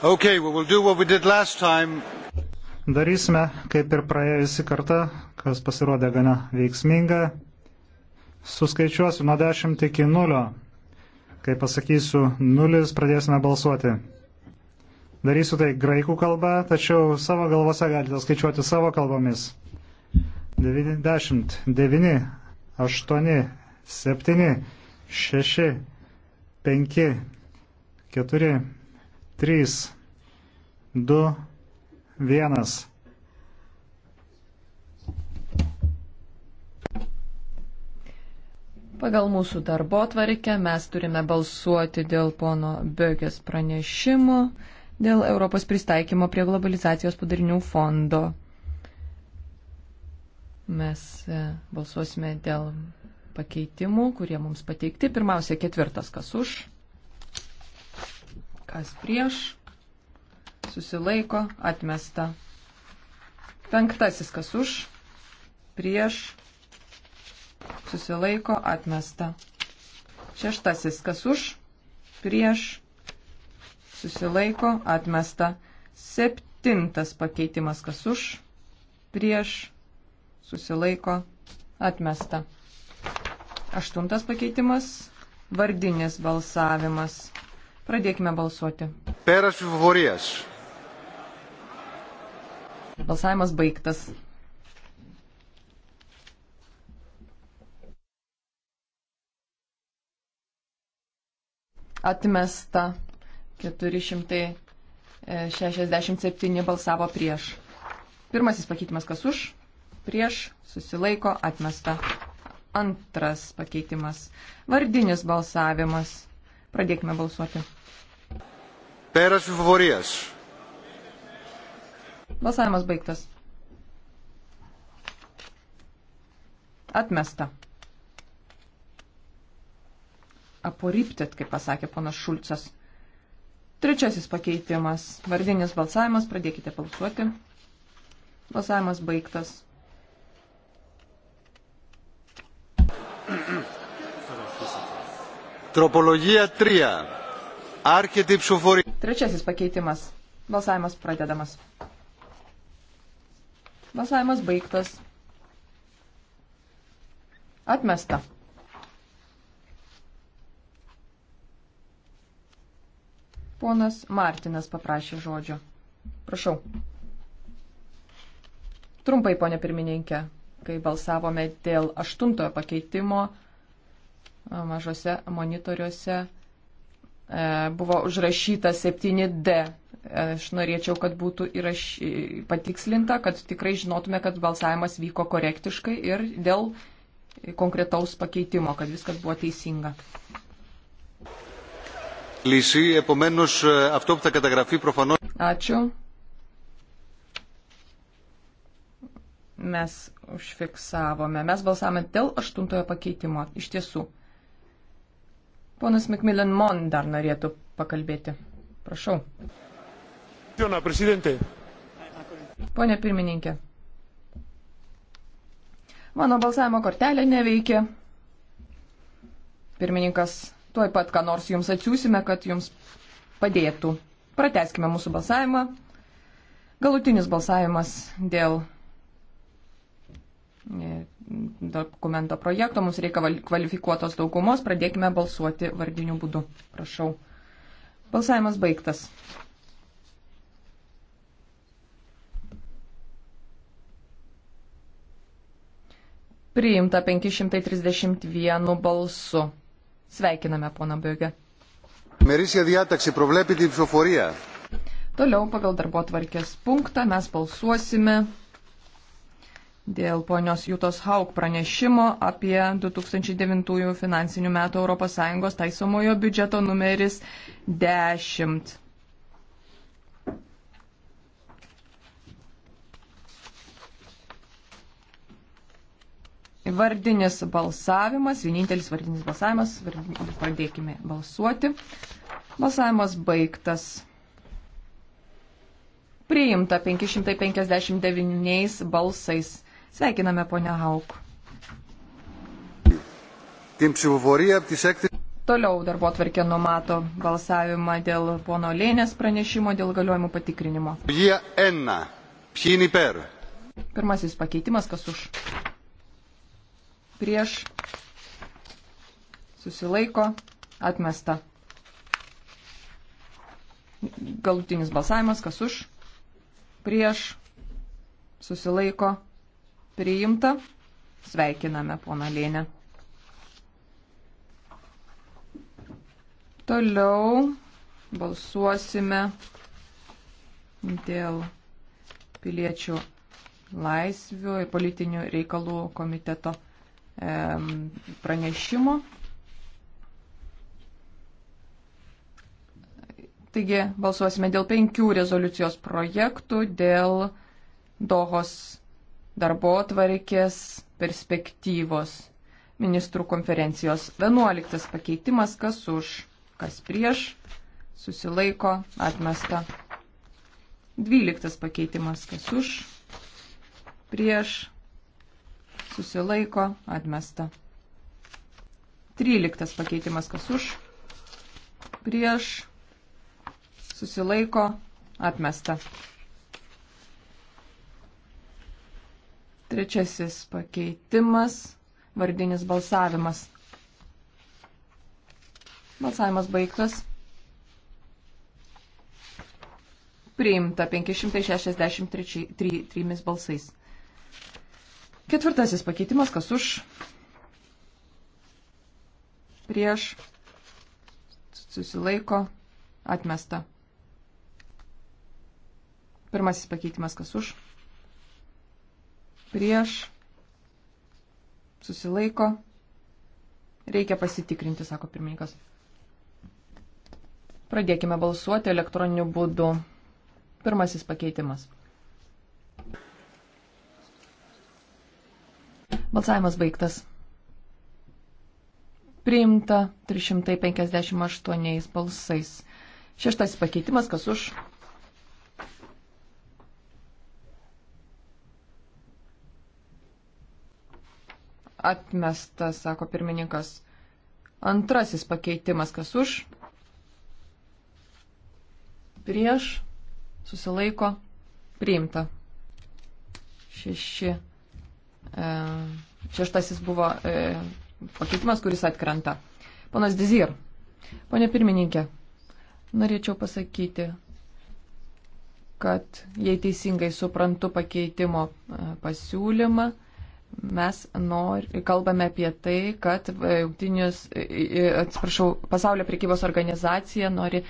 Okay, Darysime, kaip ir praėjusi kartą, kas pasirodė gana veiksminga. Suskaičiuosiu nuo 10 iki 0. Kai pasakysiu 0, pradėsime balsuoti. Darysiu tai graikų kalba, tačiau savo galvose galite skaičiuoti savo kalbomis. 90, 9, 8, 7, 6, 5, 4, 3, 2, 1. Pagal mūsų darbo atvarkę mes turime balsuoti dėl pono Bögės pranešimo dėl Europos pristaikymo prie globalizacijos padarinių fondo. Mes e, balsuosime dėl pakeitimų, kurie mums pateikti. Pirmiausia, ketvirtas kas už kas prieš, susilaiko, atmesta. Penktasis, kas už, prieš, susilaiko, atmesta. Šeštasis, kas už, prieš, susilaiko, atmesta. Septintas pakeitimas, kas už, prieš, susilaiko, atmesta. Aštuntas pakeitimas, vardinis balsavimas. Pradėkime balsuoti. Peras Vivorijas. Balsavimas baigtas. Atmesta 467 balsavo prieš. Pirmasis pakeitimas kas už, prieš, susilaiko, atmesta. Antras pakeitimas. Vardinis balsavimas. Pradėkime balsuoti. Pėras Favorijas. Balsavimas baigtas. Atmesta. Aporiptit, kaip pasakė ponas Šulcas. Trečiasis pakeitimas. Vardinis balsavimas. Pradėkite balsuoti. Balsavimas baigtas. Tropologija 3. Άρχεται η ψηφοφορία. Trečiasis pakeitimas. Balsavimas pradedamas. Balsavimas baigtas. Atmesta. Ponas Martinas paprašė žodžio. Prašau. Trumpai, ponė pirmininkė, kai balsavome dėl aštuntojo pakeitimo mažose monitoriuose E, buvo užrašyta 7D. E, aš norėčiau, kad būtų įraš... E, patikslinta, kad tikrai žinotume, kad balsavimas vyko korektiškai ir dėl konkretaus pakeitimo, kad viskas buvo teisinga. Lysi, epomenos, αυτό που θα καταγραφεί προφανώς... Ačiū. Mes užfiksavome. Mes balsavome dėl aštuntojo pakeitimo. Iš tiesų. Ponas Mikmilan Mon dar norėtų pakalbėti. Prašau. Pone pirmininkė. Mano balsavimo kortelė neveikia. Pirmininkas, tuoj pat ką nors jums atsiūsime, kad jums padėtų. Prateskime mūsų balsavimą. Galutinis balsavimas dėl e, dokumento projekto, mums reikia kvalifikuotos daugumos, pradėkime balsuoti vardiniu būdu. Prašau. Balsavimas baigtas. Priimta 531 balsu. Sveikiname, pona Biogė. Merysė diataksi provlepyti psoforiją. Toliau pagal darbo tvarkės punktą mes balsuosime dėl ponios Jutos Hauk pranešimo apie 2009 finansinių metų ES taisomojo biudžeto numeris 10. Vardinis balsavimas, vienintelis vardinis balsavimas, pradėkime balsuoti. Balsavimas baigtas priimta 559 balsais. Sveikiname, ponia Hauk. Toliau darbo atvarkė numato balsavimą dėl pono Lėnės pranešimo dėl galiojimų patikrinimo. Pirmasis pakeitimas, kas už. Prieš. Susilaiko. Atmesta. Galutinis balsavimas, kas už. Prieš. Susilaiko priimta. Sveikiname poną Lėnę. Toliau balsuosime dėl piliečių laisvių ir politinių reikalų komiteto e, pranešimo. Taigi balsuosime dėl penkių rezoliucijos projektų, dėl Dohos darbo tvarkės perspektyvos. Ministrų konferencijos 11 pakeitimas, kas už, kas prieš, susilaiko, atmesta. 12 pakeitimas, kas už, prieš, susilaiko, atmesta. 13 pakeitimas, kas už, prieš, susilaiko, atmesta. Trečiasis pakeitimas - vardinis balsavimas. Balsavimas baigtas. Priimta 563 balsais. Ketvirtasis pakeitimas - kas už? Prieš. Susilaiko. Atmesta. Pirmasis pakeitimas - kas už? prieš, susilaiko, reikia pasitikrinti, sako pirmininkas. Pradėkime balsuoti elektroniniu būdu. Pirmasis pakeitimas. Balsavimas baigtas. Priimta 358 balsais. Šeštasis pakeitimas, kas už Atmestas, sako pirmininkas. Antrasis pakeitimas, kas už? Prieš. Susilaiko. Priimta. Šeši. E, šeštasis buvo e, pakeitimas, kuris atkrenta. Ponas Dizir. Pone pirmininkė, norėčiau pasakyti, kad jei teisingai suprantu pakeitimo e, pasiūlymą, mes nor, kalbame apie tai, kad e, jungtinius, e, e, atsiprašau, pasaulio prekybos organizacija nori e,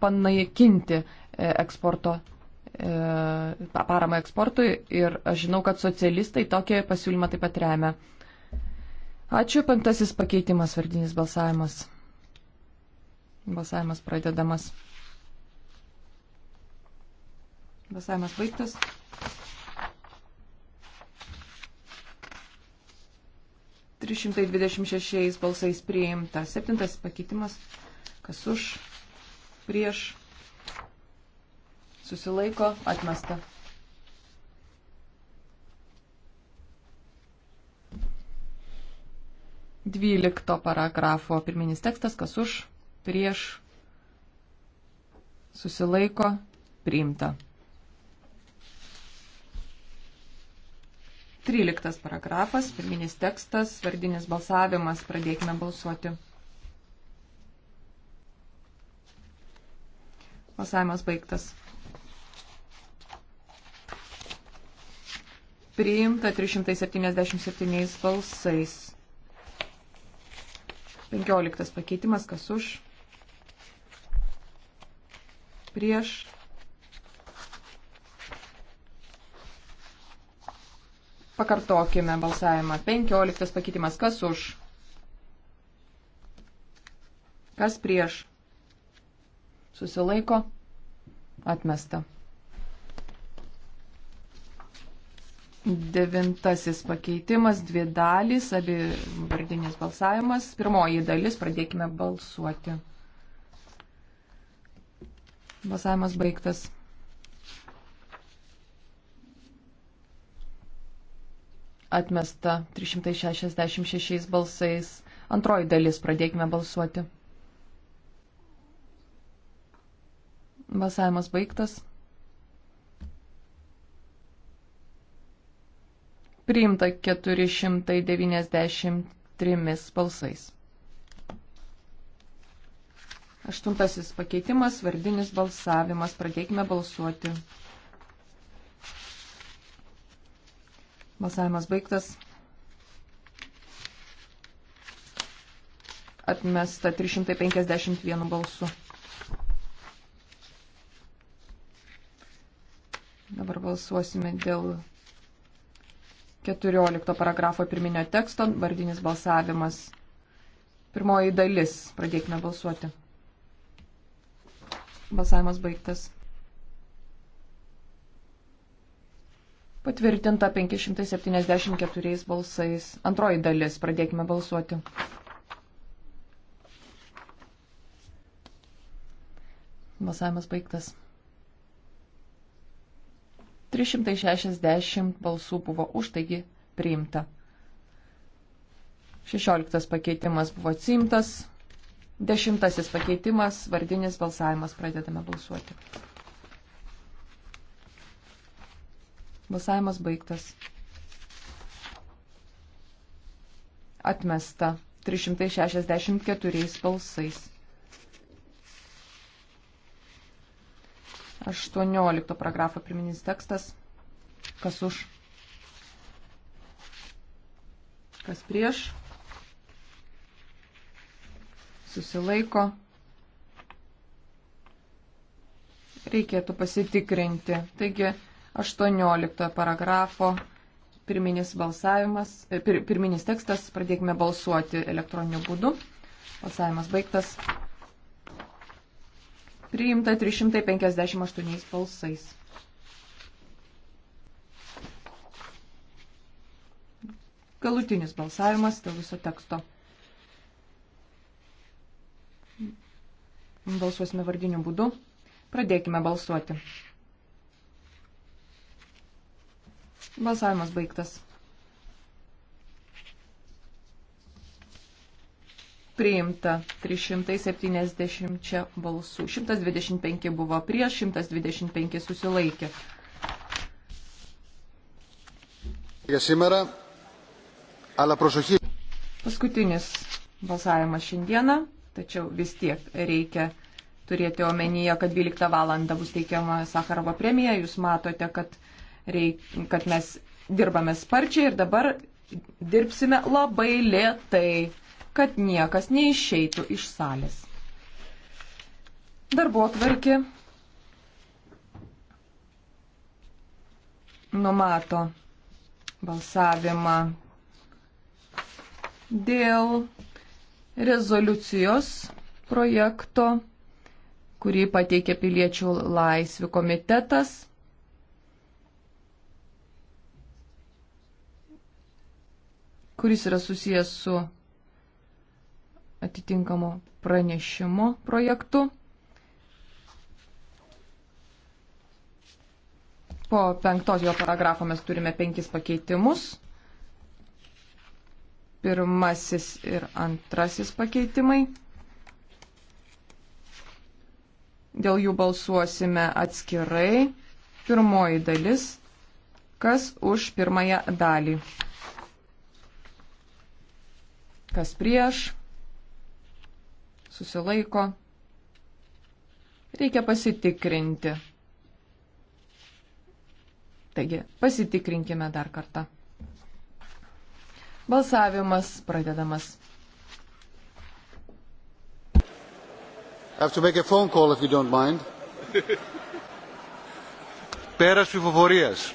panaikinti e, eksporto e, paramą eksportui ir aš žinau, kad socialistai tokį pasiūlymą taip pat remia. Ačiū, penktasis pakeitimas, vardinis balsavimas. Balsavimas pradedamas. Balsavimas baigtas. 326 balsais priimta. Septintas pakeitimas. Kas už? Prieš. Susilaiko. Atmesta. Dvylikto paragrafo pirminis tekstas. Kas už? Prieš. Susilaiko. Priimta. 13 paragrafas, pirminis tekstas, vardinis balsavimas, pradėkime balsuoti. Balsavimas baigtas. Priimta 377 balsais. 15 pakeitimas, kas už? Prieš Pakartokime balsavimą. 15 pakeitimas. Kas už? Kas prieš? Susilaiko? Atmesta. Devintasis pakeitimas, dvi dalys, abi vardinis balsavimas. Pirmoji dalis, pradėkime balsuoti. Balsavimas baigtas. atmesta 366 balsais. Antroji dalis, pradėkime balsuoti. Balsavimas baigtas. Priimta 493 balsais. Aštuntasis pakeitimas, vardinis balsavimas. Pradėkime balsuoti. Balsavimas baigtas. Atmesta 351 balsu. Dabar balsuosime dėl 14 paragrafo pirminio teksto, vardinis balsavimas. Pirmoji dalis. Pradėkime balsuoti. Balsavimas baigtas. Patvirtinta 574 balsais. Antroji dalis. Pradėkime balsuoti. Balsavimas baigtas. 360 balsų buvo už, taigi priimta. 16 pakeitimas buvo atsimtas. Dešimtasis pakeitimas, vardinis balsavimas, pradedame balsuoti. Balsavimas baigtas. Atmesta 364 balsais. 18 paragrafo priminis tekstas. Kas už? Kas prieš? Susilaiko. Reikėtų pasitikrinti. Taigi, 18 paragrafo pirminis balsavimas, e, pir, pirminis tekstas, pradėkime balsuoti elektroniniu būdu. Balsavimas baigtas. Priimta 358 balsais. Galutinis balsavimas dėl viso teksto. Balsuosime vardiniu būdu. Pradėkime balsuoti. Balsavimas baigtas. Priimta 370 balsų. 125 buvo prieš, 125 susilaikė. Paskutinis balsavimas šiandieną, tačiau vis tiek reikia turėti omenyje, kad 12 val. bus teikiama Sakarovo premija. Jūs matote, kad reik, kad mes dirbame sparčiai ir dabar dirbsime labai lėtai, kad niekas neišeitų iš salės. Darbo atvarkė numato balsavimą dėl rezoliucijos projekto, kurį pateikė piliečių laisvių komitetas kuris yra susijęs su atitinkamo pranešimo projektu. Po penktos jo paragrafo mes turime penkis pakeitimus. Pirmasis ir antrasis pakeitimai. Dėl jų balsuosime atskirai. Pirmoji dalis. Kas už pirmąją dalį? kas prieš, susilaiko. Reikia pasitikrinti. Taigi, pasitikrinkime dar kartą. Balsavimas pradedamas. I have to make a phone call if you don't mind. Πέρας ψηφοφορίας.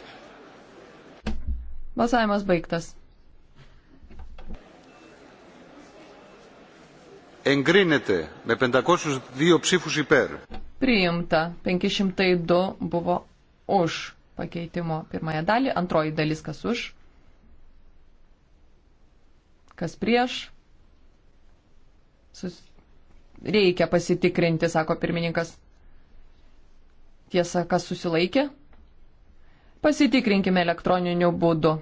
Balsavimas baigtas. εγκρίνεται με 502 ψήφους υπέρ. Priimta. 502 buvo už pakeitimo pirmąją dalį, antroji dalis kas už, kas prieš. Sus... Reikia pasitikrinti, sako pirmininkas. Tiesa, kas susilaikė? Pasitikrinkime elektroniniu būdu.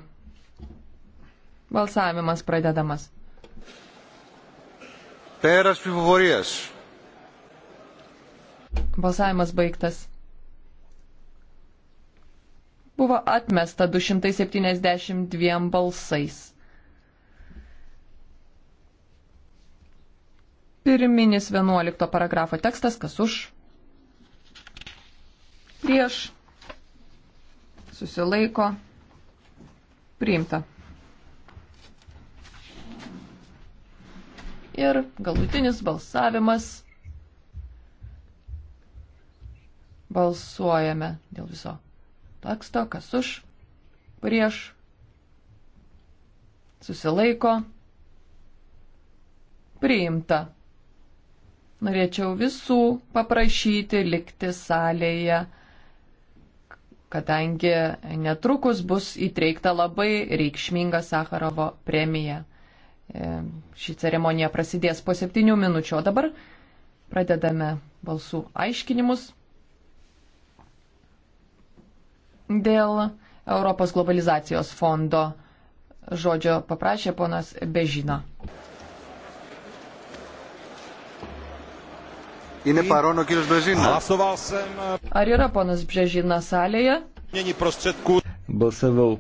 Balsavimas pradedamas. Pėras pivovorijas. Balsavimas baigtas. Buvo atmesta 272 balsais. Pirminis 11 paragrafo tekstas, kas už, prieš, susilaiko, priimta. ir galutinis balsavimas. Balsuojame dėl viso teksto, kas už, prieš, susilaiko, priimta. Norėčiau visų paprašyti likti salėje, kadangi netrukus bus įteikta labai reikšminga Sakarovo premija. E, ši ceremonija prasidės po septynių minučių, o dabar pradedame balsų aiškinimus dėl Europos globalizacijos fondo žodžio paprašė ponas Bežina. Eh, Ar yra ponas Bežina salėje? Balsavau